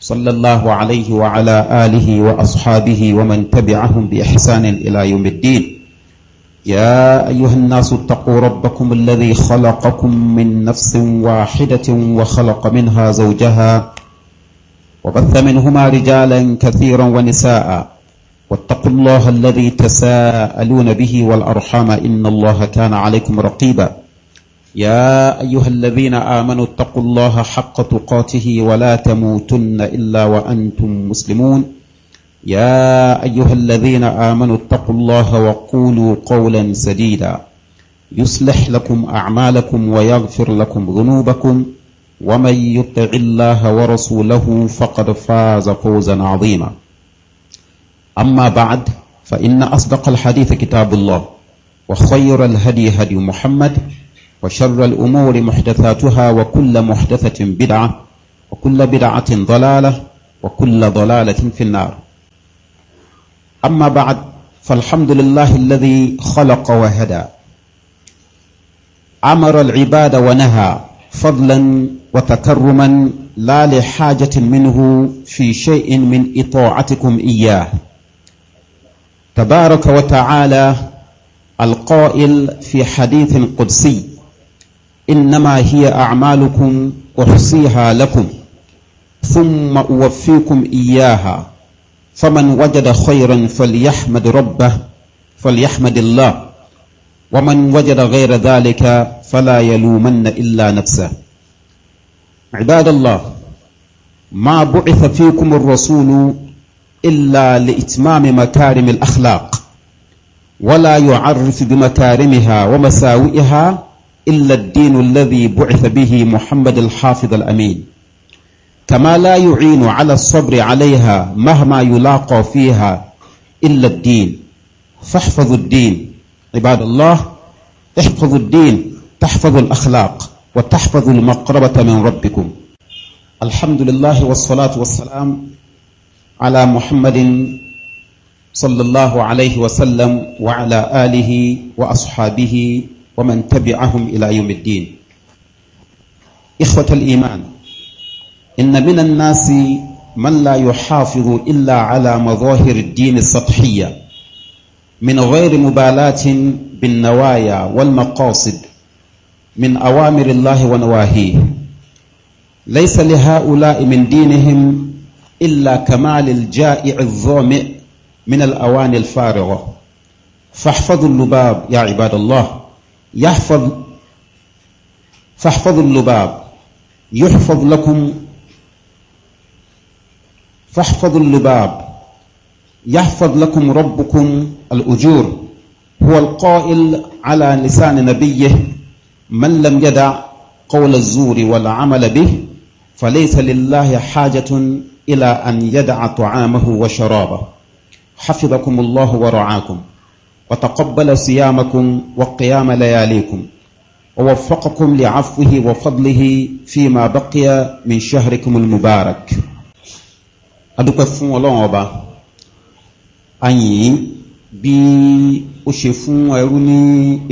صلى الله عليه وعلى آله وأصحابه ومن تبعهم بإحسان إلى يوم الدين يا أيها الناس اتقوا ربكم الذي خلقكم من نفس واحدة وخلق منها زوجها وبث منهما رجالا كثيرا ونساء واتقوا الله الذي تساءلون به والأرحام إن الله كان عليكم رقيباً يا ايها الذين امنوا اتقوا الله حق تقاته ولا تموتن الا وانتم مسلمون يا ايها الذين امنوا اتقوا الله وقولوا قولا سديدا يصلح لكم اعمالكم ويغفر لكم ذنوبكم ومن يطع الله ورسوله فقد فاز فوزا عظيما اما بعد فان اصدق الحديث كتاب الله وخير الهدي هدي محمد وشر الأمور محدثاتها وكل محدثة بدعة وكل بدعة ضلالة وكل ضلالة في النار أما بعد فالحمد لله الذي خلق وهدى أمر العباد ونهى فضلا وتكرما لا لحاجة منه في شيء من إطاعتكم إياه تبارك وتعالى القائل في حديث قدسي إنما هي أعمالكم أحصيها لكم ثم أوفيكم إياها فمن وجد خيرا فليحمد ربه فليحمد الله ومن وجد غير ذلك فلا يلومن إلا نفسه عباد الله ما بعث فيكم الرسول إلا لإتمام مكارم الأخلاق ولا يعرف بمكارمها ومساوئها إلا الدين الذي بعث به محمد الحافظ الأمين كما لا يعين على الصبر عليها مهما يلاقى فيها إلا الدين فاحفظوا الدين عباد الله احفظوا الدين تحفظوا الأخلاق وتحفظوا المقربة من ربكم الحمد لله والصلاة والسلام على محمد صلى الله عليه وسلم وعلى آله وأصحابه ومن تبعهم إلى يوم الدين إخوة الإيمان إن من الناس من لا يحافظ إلا على مظاهر الدين السطحية من غير مبالاة بالنوايا والمقاصد من أوامر الله ونواهيه ليس لهؤلاء من دينهم إلا كمال الجائع الظامئ من الأواني الفارغة فاحفظوا اللباب يا عباد الله يحفظ فاحفظوا اللباب يحفظ لكم فاحفظوا اللباب يحفظ لكم ربكم الأجور هو القائل على لسان نبيه من لم يدع قول الزور والعمل به فليس لله حاجة إلى أن يدع طعامه وشرابه حفظكم الله ورعاكم وتقبل صيامكم وقيام لياليكم ووفقكم لعفوه وفضله فيما بقي من شهركم المبارك adúpẹ́ fún ọlọ́run ọba ayìn bí ó ṣe fún ẹrú ní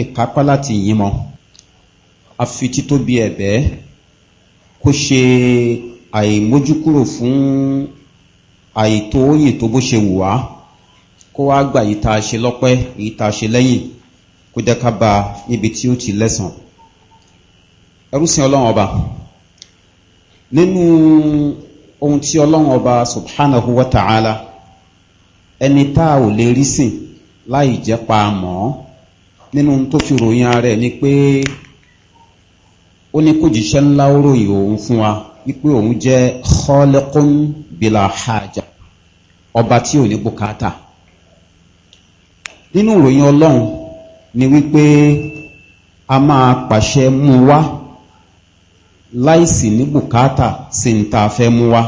ìkápá láti yìn mọ́ àfi títóbi ẹ̀bẹ́ kó ṣe àìmójúkúrò fún àìtó òyìn tó bó ṣe wù wá kó wá gbà yìí tá a ṣe lọ́pẹ́ yìí tá a ṣe lẹ́yìn kó jẹ́ ká ba níbi tí ó ti lẹ́sàn ẹrúsìn ọlọ́run ọba nínú ohun tí ọlọ́run ọba subhanahu wa ta'ala ẹni tá a ò lè rí sìn láì jẹ́ pa mọ́ nínú tó fi ròyìn ara ẹ̀ ni pé ó ní kó jíṣẹ́ ńlá ó ròyìn òun fún wa wípé òun jẹ́ khaliqun bila haja ọba tí ò ní bùkátà nínú ìròyìn ọlọ́run ni wípé a máa pàṣẹ mú wá láìsí ní bùkátà sí ń ta fẹ́ mú wá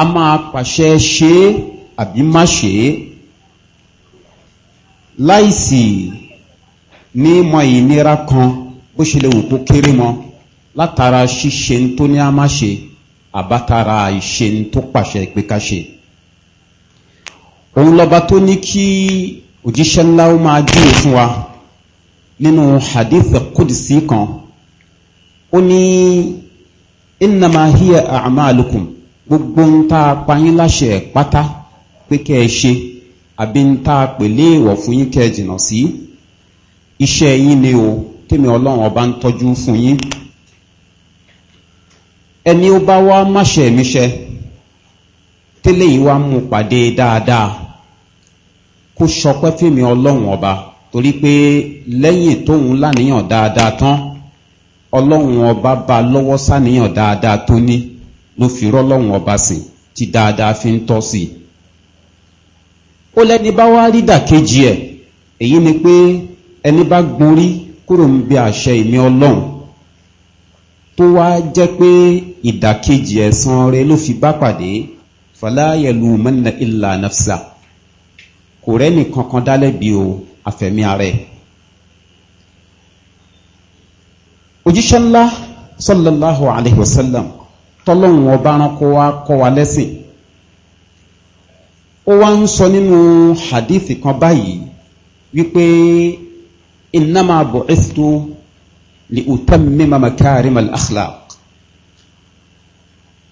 a máa pàṣẹ ṣe àbí má ṣe láìsí ní mọ ìnira kan bó ṣe lè wù kó kéré mọ látara ṣíṣe tó ní a má ṣe àbátara ìṣe tó pàṣẹ pé ká ṣe òun lọba tó ní kí òjíṣẹ́ ńlá ó máa júwe fún wa nínú hadith kùdìsí kan ó ní innama hiya a'malukum gbogbo ń ta payín láṣẹ pátá pé kẹ́ ẹ ṣe àbí ń ta pèlé ìwọ̀ fún yín kẹ́ ẹ jìnà sí iṣẹ́ yín ni o tèmi ọlọ́run ọba ń tọ́jú fún yín ẹni ó bá wá máṣe tẹ́lẹ̀ yìí wá mú pàdé dáadáa kó sọpẹ́ fèmí ọlọ́run ọba torí pé lẹ́yìn tóun láníyàn dáadáa tán ọlọ́run ọba bá lọ́wọ́ sáníyàn dáadáa tó ní ló fi rọ́lọ́run ọba sìn tí dáadáa fi ń tọ́ sí i ó lẹ́ni bá wá rí dàkejì ẹ̀ èyí ni pé ẹni bá gborí kúrò ń bí àṣẹ ìmí ọlọ́run tó wá jẹ́ pé ìdàkejì ẹ̀san rẹ ló fi bá pàdé fàlàyé lu mẹ́nà ìlà nàfṣà kò rẹ́ni kankan dálẹ́bi o àfẹ̀mí ara ẹ̀ òjíṣẹ́ ńlá sallallahu alayhi wa sallam tọ́lọ́hun ọba ránkọ́ wa kọ́ wa lẹ́sìn ó wá ń sọ nínú hadithi kan báyìí wípé innama bu'istu li utammima makarim al-akhlaq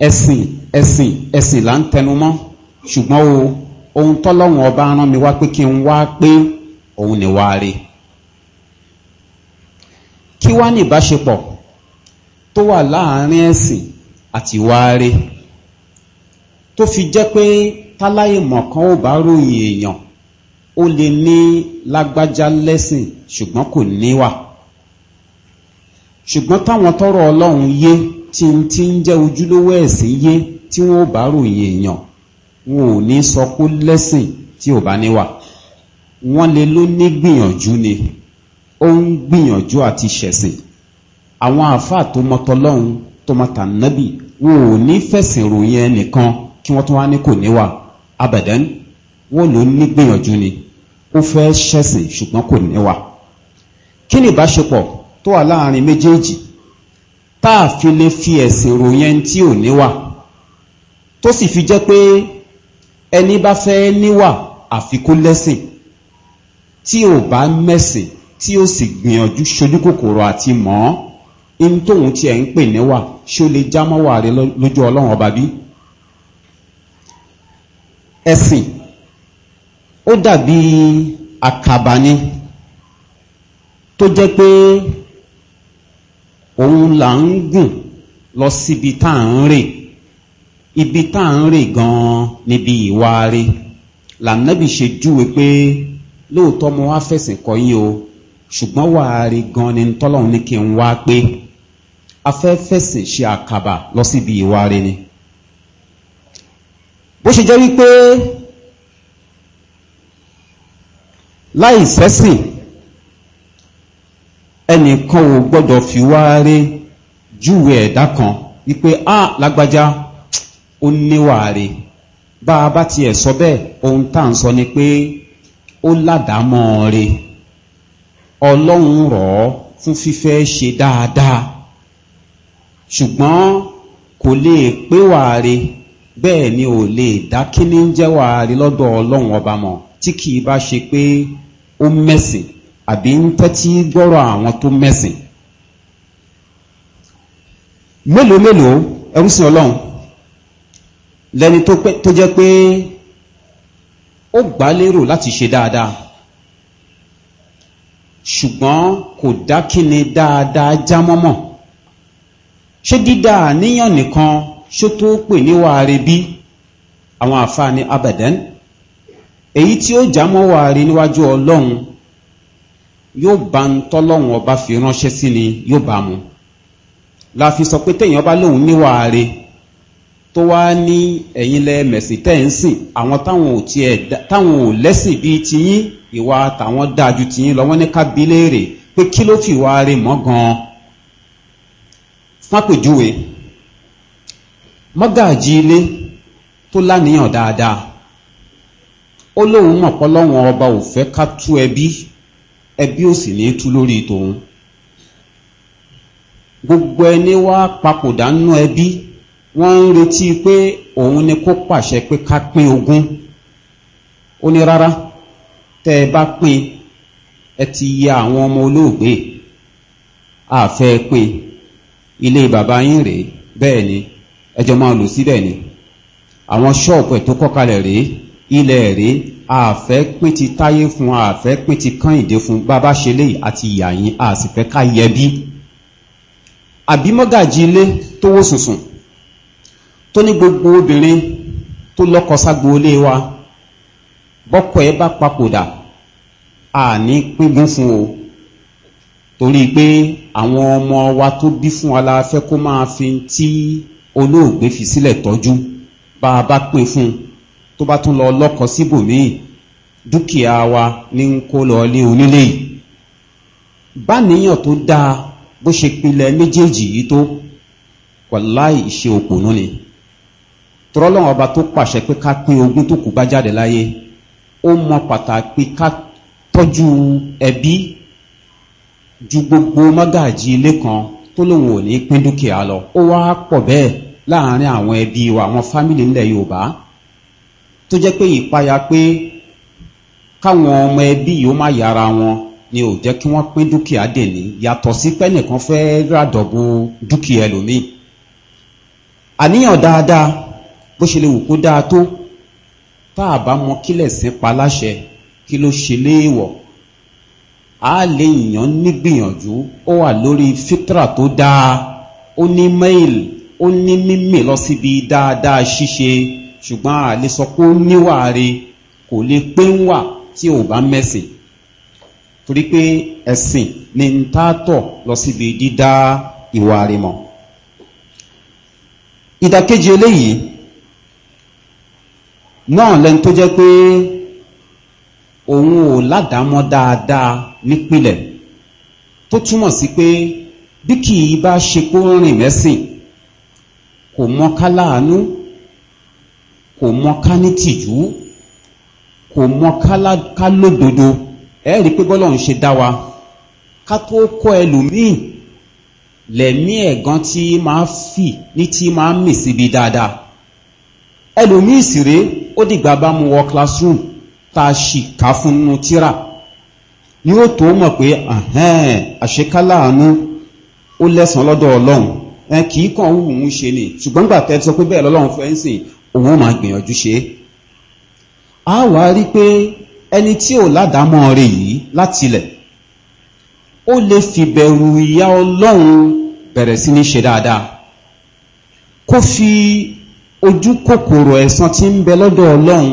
ẹ̀sìn ẹ̀sìn ẹ̀sìn là ń tẹnu ṣùgbọ́n o ohun tọ́lọ́wọ̀n ọba rán mi wá pé kí n wá pé òun ni wá rí kí wá ní ìbáṣepọ̀ tó wà láàárín ẹ̀sìn àti wá rí tó fi jẹ́ pé táláyè mọ̀kan ò bá ròyìn èèyàn ó lè ní lágbájá lẹ́sìn ṣùgbọ́n kò níwà ṣùgbọ́n táwọn tọrọ ọlọ́run yé tí ń jẹ́ ojúlówó ẹ̀sìn yé tí wọ́n ò bá ròyìn èèyàn wọn ò ní sọ kó lẹ́sìn tí ò bá níwà wọ́n lè ló ní gbìyànjú ni ó ń gbìyànjú àti ṣẹ̀sìn àwọn àáfàá tó mọtọlọ́hún tó mọta nábì wọn ò ní fẹ̀sìn ròyìn ẹnìkan kí wọ́n tún wá ní kò níwà abẹ̀dẹ́n wọ́n ló ní gbìyànjú ni ó fẹ́ ṣẹ̀sìn ṣùgbọ́n kò níwà kí ni ìbáṣepọ̀ tó wà láàrin méjèèjì tá a fi lè fi ẹ̀sìn ròyìn ẹni tí ò níwà tó sì fi jẹ́ pé ẹni bá fẹ́ níwà àfi kó lẹ́sìn tí ò bá mẹ́sìn tí ó sì gbìyànjú ṣojú kòkòrò àti mọ́ in tóun tí ẹ̀ ń pè níwà ṣó lè já mọ́wà rẹ lójú ọlọ́run ọba bí ẹ̀sìn ó dàbí àkàbà ni tó jẹ́ pé òun là ń gùn lọ síbi tá à ń rìn ibi tá à ń rè gan-an níbi ìwà rí lànàbì ṣe júwe pé lóòótọ́ mo wá fẹ̀sìn kọ́ yín o ṣùgbọ́n wà á rí gan-an ni tọ́lọ́run ní kí n wá pé a fẹ̀sìn ṣe àkàbà lọ síbi ìwà rí ni bó ṣe jẹ́ wípé láì sẹ́sìn ẹnìkan ò gbọ́dọ̀ fi wá rí júwe ẹ̀dá kan wípé a ah, lágbájá ó níwàáre bá a bá tiẹ̀ sọ bẹ́ẹ̀ ohun tá à ń sọ ni pé ó ládàámọ́ re ọlọ́run rọ̀ ọ́ fún fífẹ́ ṣe dáadáa ṣùgbọ́n kò lè pé wàáre bẹ́ẹ̀ ni ò lè dá kíní ń jẹ́ wàáre lọ́dọ̀ ọlọ́run ọba mọ̀ tí kì í bá ṣe pé ó mẹ́sìn àbí ń tẹ́tí gbọ́rọ̀ àwọn tó mẹ́sìn mélòó mélòó ẹrú sí ọlọ́run lẹni tó jẹ́ pé ó gbá lérò láti ṣe dáadáa ṣùgbọ́n kò dákíni dáadáa já mọ́mọ́ ṣé dídá níyàn nìkan ṣó tó pè níwàárí bí àwọn àfáà ní abadan èyí tí ó jámọ́ wàárí níwájú ọlọ́run yóò bá ń tọ́lọ́run ọba fi ránṣẹ́ sí ni yóò bá mu la sọ pé téèyàn bá lóun níwàárí tó wá ní ẹ̀yin lẹ́ẹ̀mẹ̀sìn tẹ́ǹsìn àwọn táwọn ò tiẹ̀ táwọn ò lẹ́sìn bíi tiyín ìwà táwọn dáa ju tiyín lọ wọ́n ní ká bi léèrè pé kí ló fi ìwà rẹ̀ mọ́ gan-an fápèjúwe mọ́gàjí ilé tó láníyàn dáadáa ó lóun mọ̀ pọ́lọ́wọ́n ọba ò fẹ́ ká tú ẹbí ẹbí ò sì ní tú lórí tòun gbogbo ẹni wá papòdà nínú ẹbí wọ́n ń retí pé òun ni kó pàṣẹ pé ká pín ogún ó ní rárá tẹ́ ẹ bá pín ẹ ti ya àwọn ọmọ olóògbé àfẹ́ pín ilé bàbá yín rèé bẹ́ẹ̀ ni ẹjọ́ máa lò síbẹ̀ ni àwọn ṣọ́ọ̀pù ẹ̀ tó kọ́kalẹ̀ rèé ilẹ̀ rèé àfẹ́ pín ti táyé fún àfẹ́ pín ti kányìndé fún bàbá ṣe àti ìyà yín àsìfẹ́ ká yẹbí àbí mọ́gàjí ilé tó sùnsùn tó ní gbogbo obìnrin tó lọ́kọ ságbo ilé wa bọ́kọ̀ ẹ bá papòdà a ní pínpín fún o torí pé àwọn ọmọ wa tó bí fún wa la fẹ́ kó máa fi tí olóògbé fi sílẹ̀ tọ́jú bá a bá pín fún tó bá tún lọ lọ́kọ síbòmíì dúkìá wa ní ń kó lọ lé onílé yìí bá níyàn tó dáa bó ṣe pinlẹ̀ méjèèjì yìí tó wàláì ìṣe òpònú ni tọ́lọ́wọ́n ọba tó pàṣẹ pé ká pín ogún tó kù bá jáde láyé ó mọ pàtàkì ká tọ́jú ẹbí ju gbogbo mọ́gàjì ilé kan tó lóun ò ní pín dúkìá lọ ó wá pọ̀ bẹ́ẹ̀ láàrin àwọn ẹbí wa àwọn fámìlì ńlẹ̀ yorùbá tó jẹ́ pé ìpayà pé káwọn ọmọ ẹbí yìí ó má yára wọn ni ò jẹ́ kí wọ́n pín dúkìá dèní yàtọ̀ sí pẹ́nìkan fẹ́ ràdọ̀bù dúkìá ẹlòmíì àníyàn dáadáa bó ṣe lè wù kó dáa tó tá a bá mọ kílẹ̀ sí pa láṣẹ kí ló ṣe léèwọ̀ a lè yàn nígbìyànjú ó wà lórí fitra tó dáa ó ní mail ó ní mímì lọ síbi dáadáa ṣíṣe ṣùgbọ́n a lè sọ pé ó níwà re kò lè pé ń wà tí ò bá mẹ́sìn torí pé ẹ̀sìn ni ń tààtọ̀ lọ síbi dídá ìwà rẹ̀ mọ̀ ìdàkejì eléyìí náà lẹ́nu tó jẹ́ pé òun ò ládàámọ́ dáadáa nípìnlẹ̀ tó túmọ̀ sí pé bí kì í bá ṣe pé ó rìn mẹ́sìn kò mọ́ká láàánú kò mọ́ká ní tìjú kò mọ́ká lódodo ẹ rí i pé bọ́lá òun ṣe dá wa ká tó kọ́ ẹlòmíì lẹ̀mí ẹ̀gán tí máa fì ní tí máa mì síbi dáadáa ẹlòmíì sì rèé ó dìgbà bá mú wọ classroom tá a ṣì ká fún nínú tíra ni ó tó mọ̀ pé àṣekálà àánú ó lẹ́sàn lọ́dọ̀ ọlọ́run kì í kàn wù ú ṣe ni ṣùgbọ́n gbà tẹ́ sọ pé bẹ́ẹ̀ lọ́lọ́run fẹ́ ń sìn òun máa gbìyànjú ṣe á wàá rí pé ẹni tí ò ládàámọ́ rẹ̀ yìí látilẹ̀ ó lè fi bẹ̀rù ìyá ọlọ́run bẹ̀rẹ̀ sí ní ṣe dáadáa kó fi ojú kòkòrò ẹ̀san tí ń bẹ lọ́dọ̀ ọlọ́run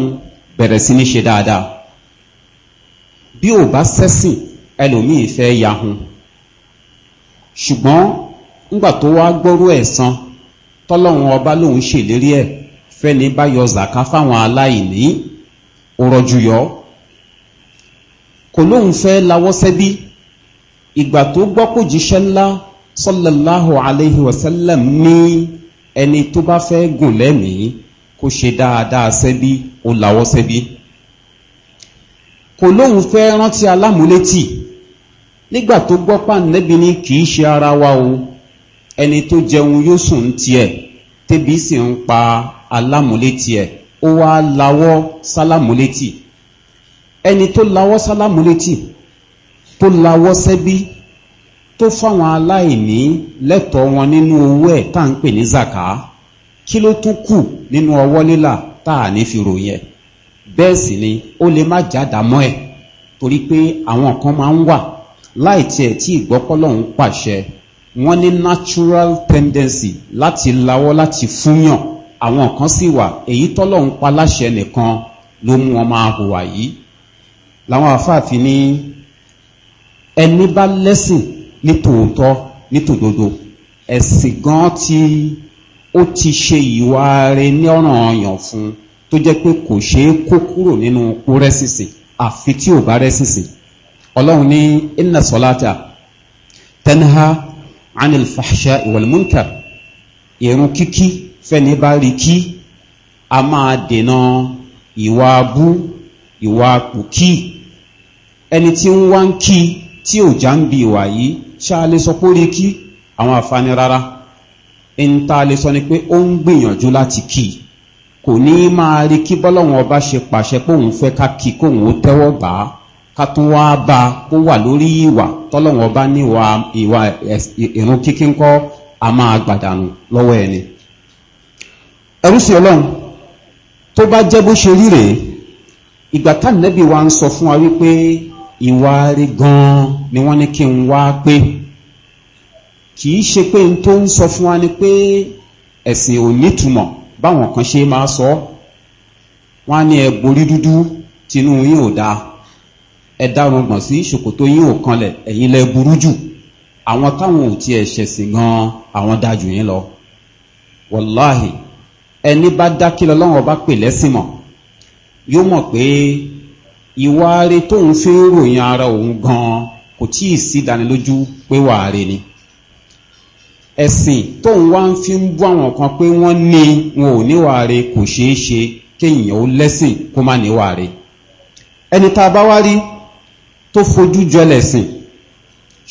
bẹ̀rẹ̀ sí ní ṣe dáadáa bí ò bá sẹ́sìn ẹlòmíì fẹ́ yahun ṣùgbọ́n ńgbà tó wá gbọ́rú tọ́lọ́run ọba lòun ṣèlérí ẹ̀ fẹ́ni bá yọ zàká fáwọn aláìní yọ kò lóun fẹ́ lawọ́ sẹ́bí ìgbà tó ẹni tó bá fẹ́ gùn lẹ́mìí kó ṣe dáadáa sẹ́bí ó lawọ́ sẹ́bí kò lóhun fẹ́ rántí alámúlétì nígbà tó gbọ́ pàǹdẹ́bí ni kì í ṣe ara wa o ẹni tó jẹun yóò sùn tiẹ̀ tẹ́bí sì ń pa alámúlétì ẹ̀ ó wá lawọ́ sálámúlétì ẹni tó lawọ́ sálámúlétì tó lawọ́ sẹ́bí tó fáwọn aláìní lẹ́tọ̀ọ́ wọn nínú owó ẹ̀ tá ń pè ní zaka kí ló tún kù nínú ọwọ́ lílà tá à ní fi ròyìn ẹ̀ bẹ́ẹ̀ sì ni ó lè má jádàmọ́ ẹ̀ torí pé àwọn kan máa ń wà láì tiẹ̀ tí ìgbọ́pọ́lọ́hún pàṣẹ wọ́n ní natural tendency láti lawọ́ láti fúnyàn àwọn kan sì wà èyí tọ́lọ́hún pa láṣẹ nìkan ló mú wọn máa hùwà yìí làwọn àfáàfin ní ẹni bá lẹ́sìn ní tòótọ́ ní tòdodo ẹ̀sìn gan tí ó ti ṣe ìwà rẹ ní ọ̀ràn ọ̀yàn fún tó jẹ́ pé kò ṣe é kó kúrò nínú kó rẹ́sìsìn àfi tí ò bá rẹ́sìsìn ọlọ́run ní inna sọláta tẹnha anil fahṣa ìwàlmúnkà ìrún kíkí fẹ́ni bá rí kí a máa dènà ìwà abú ìwà pòkí ẹni tí ń wá ń kí tí ò já ń bi ìwà yìí ṣá lè sọ pé ó rí kí àwọn àfani rárá ń ta lè sọ ni pé ó ń gbìyànjú láti kì í kò ní í máa rí kí bọ́lọ́wọ́n ọba ṣe pàṣẹ pé òun fẹ́ ká kì í kóun ó tẹ́wọ́ bá a ká tún wá bá kó wà lórí ìwà tọ́lọ́wọ́n ọba ní ìwà ìrún kíkí ńkọ́ a máa gbàdánù lọ́wọ́ ẹni. ẹrú sí ọlọ́run tó bá jẹ́ bó ṣe rí rèé ìgbà tá nẹ́bí wa ń sọ fún wa wípé ìwárí gan ni wọ́n ní kí n wá pé kì í ṣe pé n tó ń sọ fún wa ni pé ẹ̀sìn ò nítumọ̀ báwọn kan ṣe máa sọ wọ́n á ní ẹ borí dúdú tinú yín ò dáa ẹ dárun gbọ̀n sí ṣòkòtò yín ò kanlẹ̀ ẹ̀yin lẹ burú jù àwọn táwọn ò tiẹ̀ ṣẹ̀sìn gan àwọn dájú yín lọ wàláhì ẹni bá dákìlọ lọ́wọ́ bá pè lẹ́sìn mọ̀ yóò mọ̀ pé ìwáre tóun fi ń ròyìn ara òun gan kò tí ì sí ìdánilójú pé wàáre ni ẹ̀sìn tóun wá ń fi ń bú àwọn kan pé wọ́n ní wọn ò níwàáre kò ṣeé ṣe kéèyàn ó lẹ́sìn kó má níwàáre ẹni tá a bá wá rí tó fojú jọ lẹ̀sìn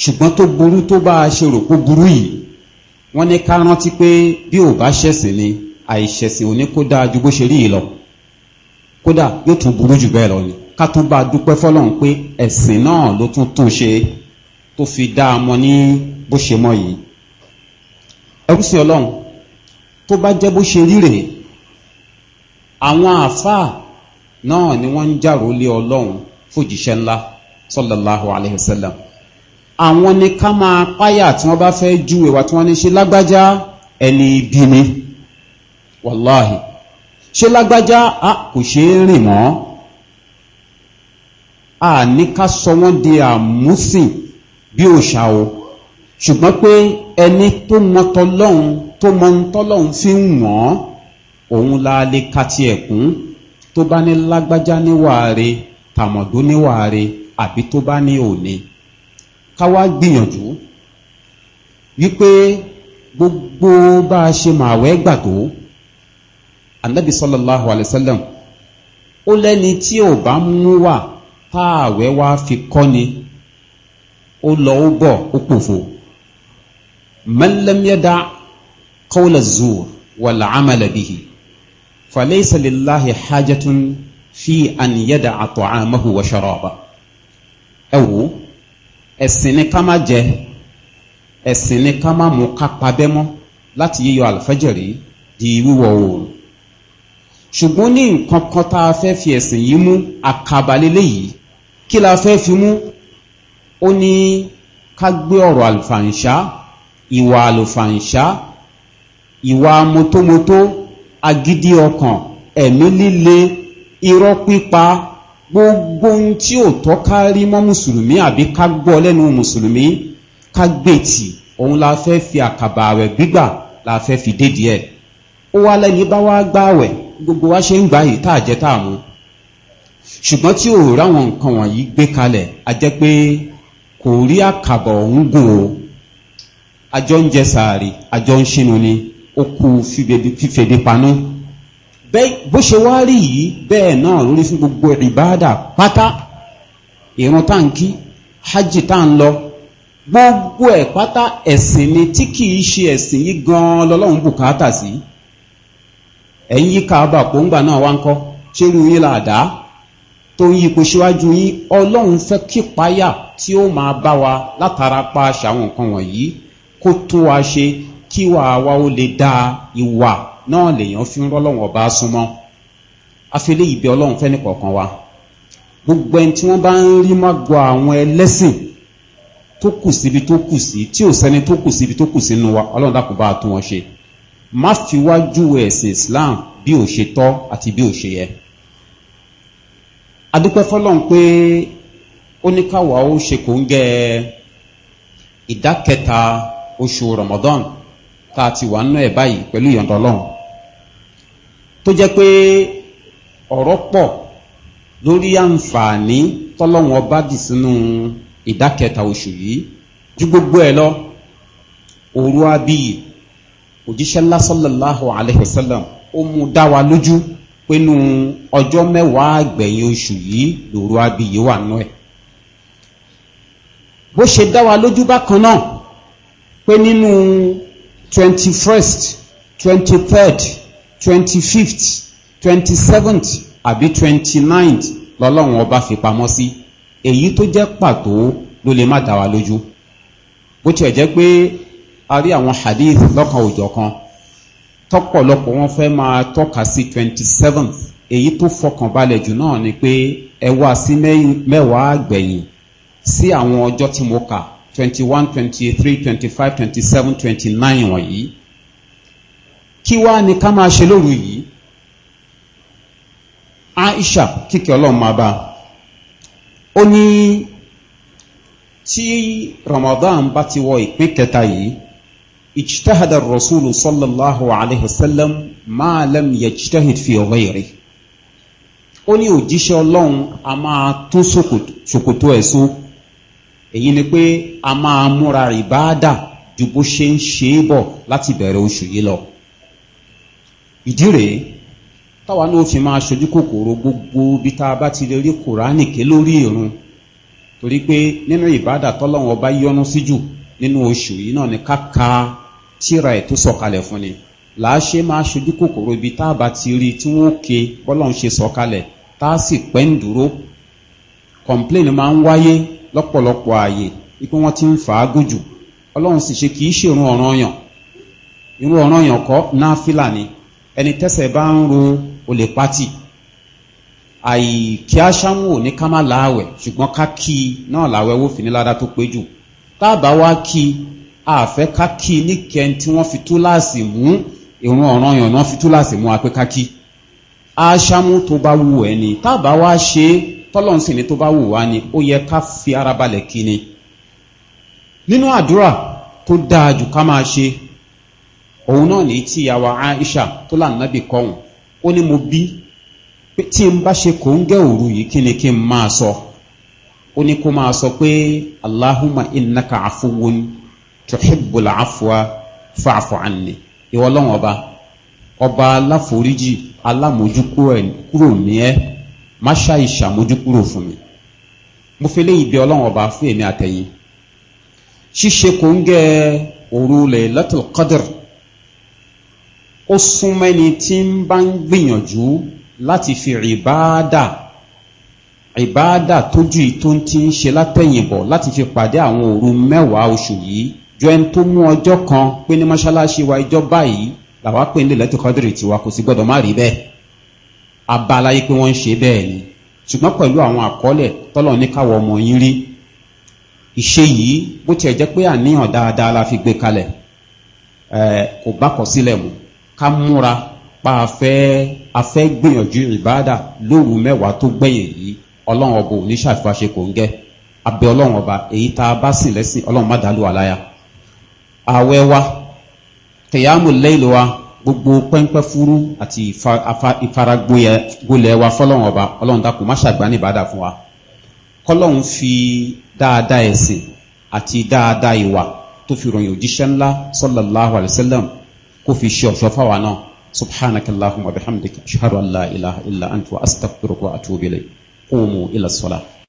ṣùgbọ́n tó burú tó bá a ṣe rò kó burú yìí wọ́n ní ká rántí pé bí ò bá ṣẹ̀sìn ni àìṣẹ̀sìn ò ní kó dáa ju bó ṣe rí yìí lọ kódà yóò tún burú jù bẹ́ẹ̀ lọ ni ká tún bá dúpẹ́ fọ́lọ́run pé ẹ̀sìn náà ló tún tún ṣe tó fi dá a mọ̀ ní bó ṣe mọ̀ yìí ẹrú sí ọlọ́run tó bá jẹ́ bó ṣe ríre àwọn àáfàá náà ni wọ́n ń jàrò lé ọlọ́run fòjíṣẹ́ ńlá sallallahu alayhi wa sallam àwọn ni ká máa páyà tí wọ́n bá fẹ́ ju ìwà tí wọ́n ní ṣe lágbájá ẹni ibi ni wàláhì ṣe lágbájá a kò ṣe é rìn mọ́ a ní ká sọ wọ́n di àmúsìn bí òṣà o ṣùgbọ́n pé ẹni tó mọtọ lọ́hun tó mọ ń tọ́lọ́hun fi ń wọ́n òun la lè ka ti ẹ̀kún tó bá ní lágbájá níwàáre tàmọ̀dún níwàáre àbí tó bá ní òní ká wá gbìyànjú wípé gbogbo bá a ṣe máa wẹ́ gbà anabi sallallahu alayhi wa sallam ó lẹ́ni tí ò bá mú wà táàwẹ́ wá fi kọ́ ni ó lọ ó bọ̀ ó pòfo mẹ́lẹ́mẹ́dá kọ́wọ́lẹ̀ zuur wà láàmàlẹ̀ bìhì fàlẹ́sàlélàhì hajjatun fi àníyẹ́dà àtọ̀ àmọ́hù wà ṣọ́rọ̀ọ̀bà ẹ wò ẹ̀sìn ni ká má jẹ ẹ̀sìn ni ká má mú ká pa láti yíyọ àlùfẹ́jẹ̀rí di wíwọ̀ oòrùn ṣùgbọ́n ní nǹkan kan tá a fẹ́ fi ẹ̀sìn yìí mú àkàbà kí la fẹ́ fi mú ó ní ká gbé ọ̀rọ̀ àlùfàǹṣá ìwà àlùfàǹṣá ìwà motomoto agídí ọkàn ẹ̀mí líle irọ́ pípa gbogbo ohun tí ò tọ́ rí mọ́ mùsùlùmí àbí ká gbọ́ lẹ́nu mùsùlùmí ká gbé òun la fẹ́ fi àkàbà rẹ̀ gbígbà la fẹ́ fi dédìí ẹ̀ ó wá lẹ́ni bá wá gbáwẹ̀ gbogbo wa ṣe ń gbà yìí tá àjẹ́ tá àmú ṣùgbọ́n tí ò ráwọn nǹkan wọ̀nyí gbé kalẹ̀ a jẹ́ pé kò rí àkàbọ̀ ń gùn o àjọ ń jẹ sàárì àjọ ń ṣínú ni ó kú fífèdè paná bó ṣe wá rí yìí bẹ́ẹ̀ náà lórí fún gbogbo ìbáàdà pátá ìrun tá ń kí hajj tá ń lọ gbogbo ẹ̀ pátá ẹ̀sìn ni tí kì í ṣe ẹ̀sìn yìí gan-an lọ́lọ́run bùkátà sí ẹ̀yìn yíká bàpọ̀ ńgbà náà wá ń kọ́ ṣé irú yín là dáa tó ń yípo síwájú yín ọlọ́run fẹ́ kípayà tí ó máa bá wa látara pa ṣàwọn nǹkan wọ̀nyí kó tún wa ṣe kí wà wa ó lè da ìwà náà lèèyàn fi ń rọ́lọ́wọ̀n ọba súnmọ́ afẹ́lẹ́ ìbí ọlọ́run fẹ́ ní kọ̀ọ̀kan wa gbogbo ẹni tí wọ́n bá ń rí mọ́gbọ́ àwọn ẹlẹ́sìn tó kù síbi tó kù sí tí ò sẹ́ni tó kù síbi tó kù sínú wa ọlọ́run dàkú bá a tún wọn ṣe má fi wájú ẹ̀sìn islam bí ò ṣe tọ́ àti bí ò ṣe yẹ adúpẹ́ fọ́lọ́n pé ó ní káwà ó ṣe kò ń gẹ ìdákẹta oṣù ramadan tá a ti wà nínú ẹ̀ báyìí pẹ̀lú ìyọ̀ǹda ọlọ́run tó jẹ́ pé ọ̀rọ̀ pọ̀ lórí àǹfààní tọ́lọ́run ọba dì sínú ìdákẹta oṣù yìí ju gbogbo ẹ̀ lọ òru abiy òjíṣẹ́ lásán lọ́láhùn àlẹ́ ó mú dá wa lójú pinnu ọjọ́ mẹ́wàá àgbẹ̀yìn oṣù yìí lòrò abiyì wà nú ẹ̀ bó ṣe dá wa lójú bákan náà pé nínú twenty first twenty third twenty fifth twenty seventh àbí twenty ninth lọ́lọ́run ọba fi pamọ́ sí èyí tó jẹ́ pàtó ló lè má dá wa lójú bó tiẹ̀ jẹ́ pé a rí àwọn hadith lọ́kan òjọ̀ kan tọ́pọ̀lọpọ̀ wọ́n fẹ́ máa tọ́ka sí twenty seventh èyí tó fọkànbalẹ̀ jù náà ni pé ẹ wá sí mẹ́wàá gbẹ̀yìn sí àwọn ọjọ́ tí mo kà twenty one twenty three twenty five twenty seven twenty nine wọ̀nyí kí wá ni ká máa ṣe lóru yìí aisha kíkẹ́ ọlọ́run máa bá ó ní tí ramadan bá ti wọ ìpín kẹta yìí اجتهد الرسول صلى الله عليه وسلم ما لم يجتهد في غيره ó ní òjíṣẹ́ ọlọ́run a máa tún ṣòkòtò ẹ̀sùn èyí ni pé a máa múra ìbáàdà ju bó ṣe ń ṣe é bọ̀ láti bẹ̀rẹ̀ oṣù yìí lọ ìdí rèé táwa náà fi máa ṣojú kòkòrò gbogbo bí tá a bá ti lè rí kùránì ké lórí ìrun torí pé nínú ìbáàdà tọ́lọ́run ọba yọ́nú sí nínú oṣù yìí náà ni ká ka tíra ẹ̀ tó sọ̀kalẹ̀ fún ni làáṣe máa ṣojú kòkòrò ibi tá a bá ti rí tí wọ́n ké bọ́lọ́n ṣe sọ̀kalẹ̀ tá a sì pẹ́ ń dúró kọ̀ǹpléènì máa ń wáyé lọ́pọ̀lọpọ̀ ààyè wípé wọ́n ti ń fàágùn jù ọlọ́run sì ṣe kì í ṣèrun ọ̀ràn yàn irun ọ̀ràn yàn kọ́ náà fìlà ni ẹni tẹ́sẹ̀ bá ń ro olè pátì àìkí aṣáwò ní ká má láàwẹ̀ ṣùgbọ́n ká kí náà láwẹ̀ wó fi ní ládá tó pé jù tá a bá wá kí àfẹ́ kákí níkẹn tí wọ́n fi túláàsì mú ìrun ọ̀ràn yàn náà fi túláàsì mú apẹ́ kákí aṣámú tó bá wù ẹ́ ni tábà wá ṣe tọ́lọ́n sì ni tó bá wù wá ni ó yẹ ká fi ara balẹ̀ kí ni nínú àdúrà tó dáa jù ká máa ṣe òun náà ní tí ìyàwó aisha tó lànàbì kọ́hùn ó ní mo bí pé tí n bá ṣe kò ń gẹ́ òru yìí kí ni kí n máa sọ ó ní kó máa sọ pé allahumma innaka afuwun tuhibbul afwa fa'fu anni ìwọ ọlọ́run ọba ọba aláforíjì alámójúkúrò ní ẹ má ṣàì ṣàmójúkúrò fún mi mo fi léyìn bí ọlọ́run ọba fún èmi àtẹ̀yìn ṣíṣe kò ń gẹ òru Laylatul Qadr ó súnmẹ́ni tí ń bá ń gbìyànjú láti fi ìbáàdà ìbáàdà tójú ìtó ń ṣe látẹ̀yìnbọ̀ láti fi pàdé àwọn òru mẹ́wàá oṣù yìí ju ẹni tó mú ọjọ́ kan pé ní mọ́ṣáláṣí wa ìjọ báyìí làwa pè ní lẹ́tọ̀ kọ́dìrì tiwa kò sí gbọ́dọ̀ má rí bẹ́ẹ̀ abáláyé pé wọ́n ń ṣe bẹ́ẹ̀ ni ṣùgbọ́n pẹ̀lú àwọn àkọọ́lẹ̀ tọ́lọ̀ ní káwọ ọmọ yín rí ìṣe yìí bó tiẹ̀ jẹ́ pé àníyàn dáadáa la fi gbé kalẹ̀ kò bá kọ sílẹ̀ mọ́ ká múra pa afẹ́ afẹ́ gbìyànjú ìbáàdà lóru mẹ́wàá tó gbẹ̀yìn yìí ọlọ́run ọba ò ní ṣàfihàn ṣe kò ń gẹ́ abẹ́ ọlọ́run ọba èyí tá a bá sìn lẹ́sìn ọlọ́run má dàlú àláyà àwẹ̀ wa kẹyàmù lẹ́ìlú wa gbogbo pẹ́ńpẹ́ fúrú àti ìfaragbolẹ̀ wa fọ́lọ́run ọba ọlọ́run dákun má ṣàgbá ní ìbádà fún wa kọ́lọ́run fi dáadáa ẹ̀sìn àti dáadáa ìwà tó fi ròyìn òjíṣẹ́ ńlá sallallahu alayhi wa sallam kó fi ṣe ọ̀ṣọ́ fáwa náà subhanakallahumma bihamdika ashhadu an la ilaha illa anta astaghfiruka wa atubu ilayk qumu ila salah